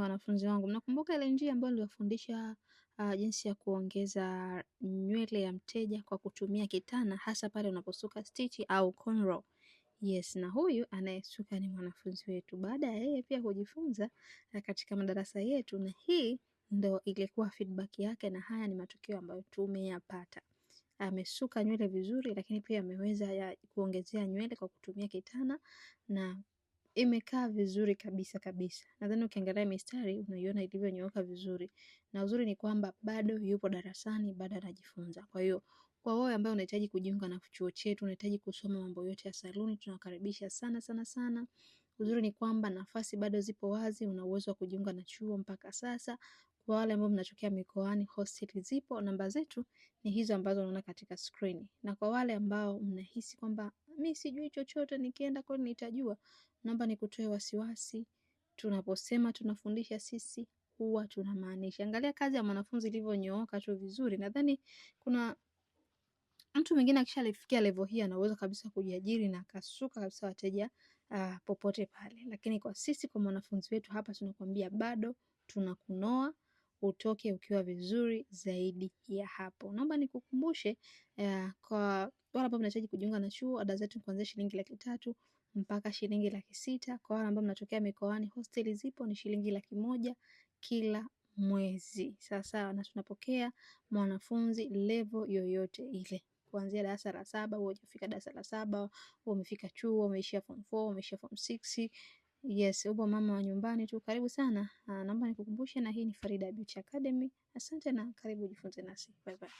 wanafunzi wangu, mnakumbuka ile njia ambayo niliwafundisha uh, jinsi ya kuongeza nywele ya mteja kwa kutumia kitana, hasa pale unaposuka stitch au cornrow. Yes, na huyu anayesuka ni mwanafunzi wetu, baada ya yeye pia kujifunza ah, katika madarasa yetu, na hii ndo ilikuwa feedback yake, na haya ni matukio ambayo tumeyapata. Amesuka nywele vizuri, lakini pia ameweza kuongezea nywele kwa kutumia kitana na imekaa vizuri kabisa kabisa. Nadhani ukiangalia mistari unaiona ilivyonyooka vizuri, na uzuri ni kwamba bado yupo darasani, bado anajifunza. Kwa hiyo kwa wewe ambaye unahitaji kujiunga na chuo chetu, unahitaji kusoma mambo yote ya saluni, tunakaribisha sana sana sana. Uzuri ni kwamba nafasi bado zipo wazi, una uwezo wa kujiunga na chuo mpaka sasa. Kwa wale ambao mnatokea mikoani, hosteli zipo, namba zetu ni hizo ambazo unaona katika skrini. Na kwa wale ambao mnahisi kwamba mi sijui chochote, nikienda kwani nitajua, naomba nikutoe wasiwasi. Tunaposema tunafundisha sisi huwa tunamaanisha. Angalia kazi ya mwanafunzi ilivyonyooka tu vizuri. Nadhani kuna mtu mwingine akishalifikia level hii anaweza kabisa kujiajiri na akasuka kabisa wateja uh, popote pale, lakini kwa sisi, kwa mwanafunzi wetu hapa, tunakwambia bado tunakunoa utoke ukiwa vizuri zaidi ya hapo. Naomba nikukumbushe uh, kwa wale ambao mnahitaji kujiunga na chuo, ada zetu kuanzia shilingi laki tatu mpaka shilingi laki sita. Kwa wale ambao mnatokea mikoani, hosteli zipo, ni shilingi laki moja kila mwezi sawasawa, na tunapokea mwanafunzi levo yoyote ile kuanzia darasa la saba, wewe hujafika darasa la saba, umefika chuo, umeishia form 4, umeishia form 6, Yes, upo mama wa nyumbani tu, karibu sana. Ah, naomba nikukumbushe na hii ni Farida Beauty Academy. Asante na karibu ujifunze nasi. Bye bye.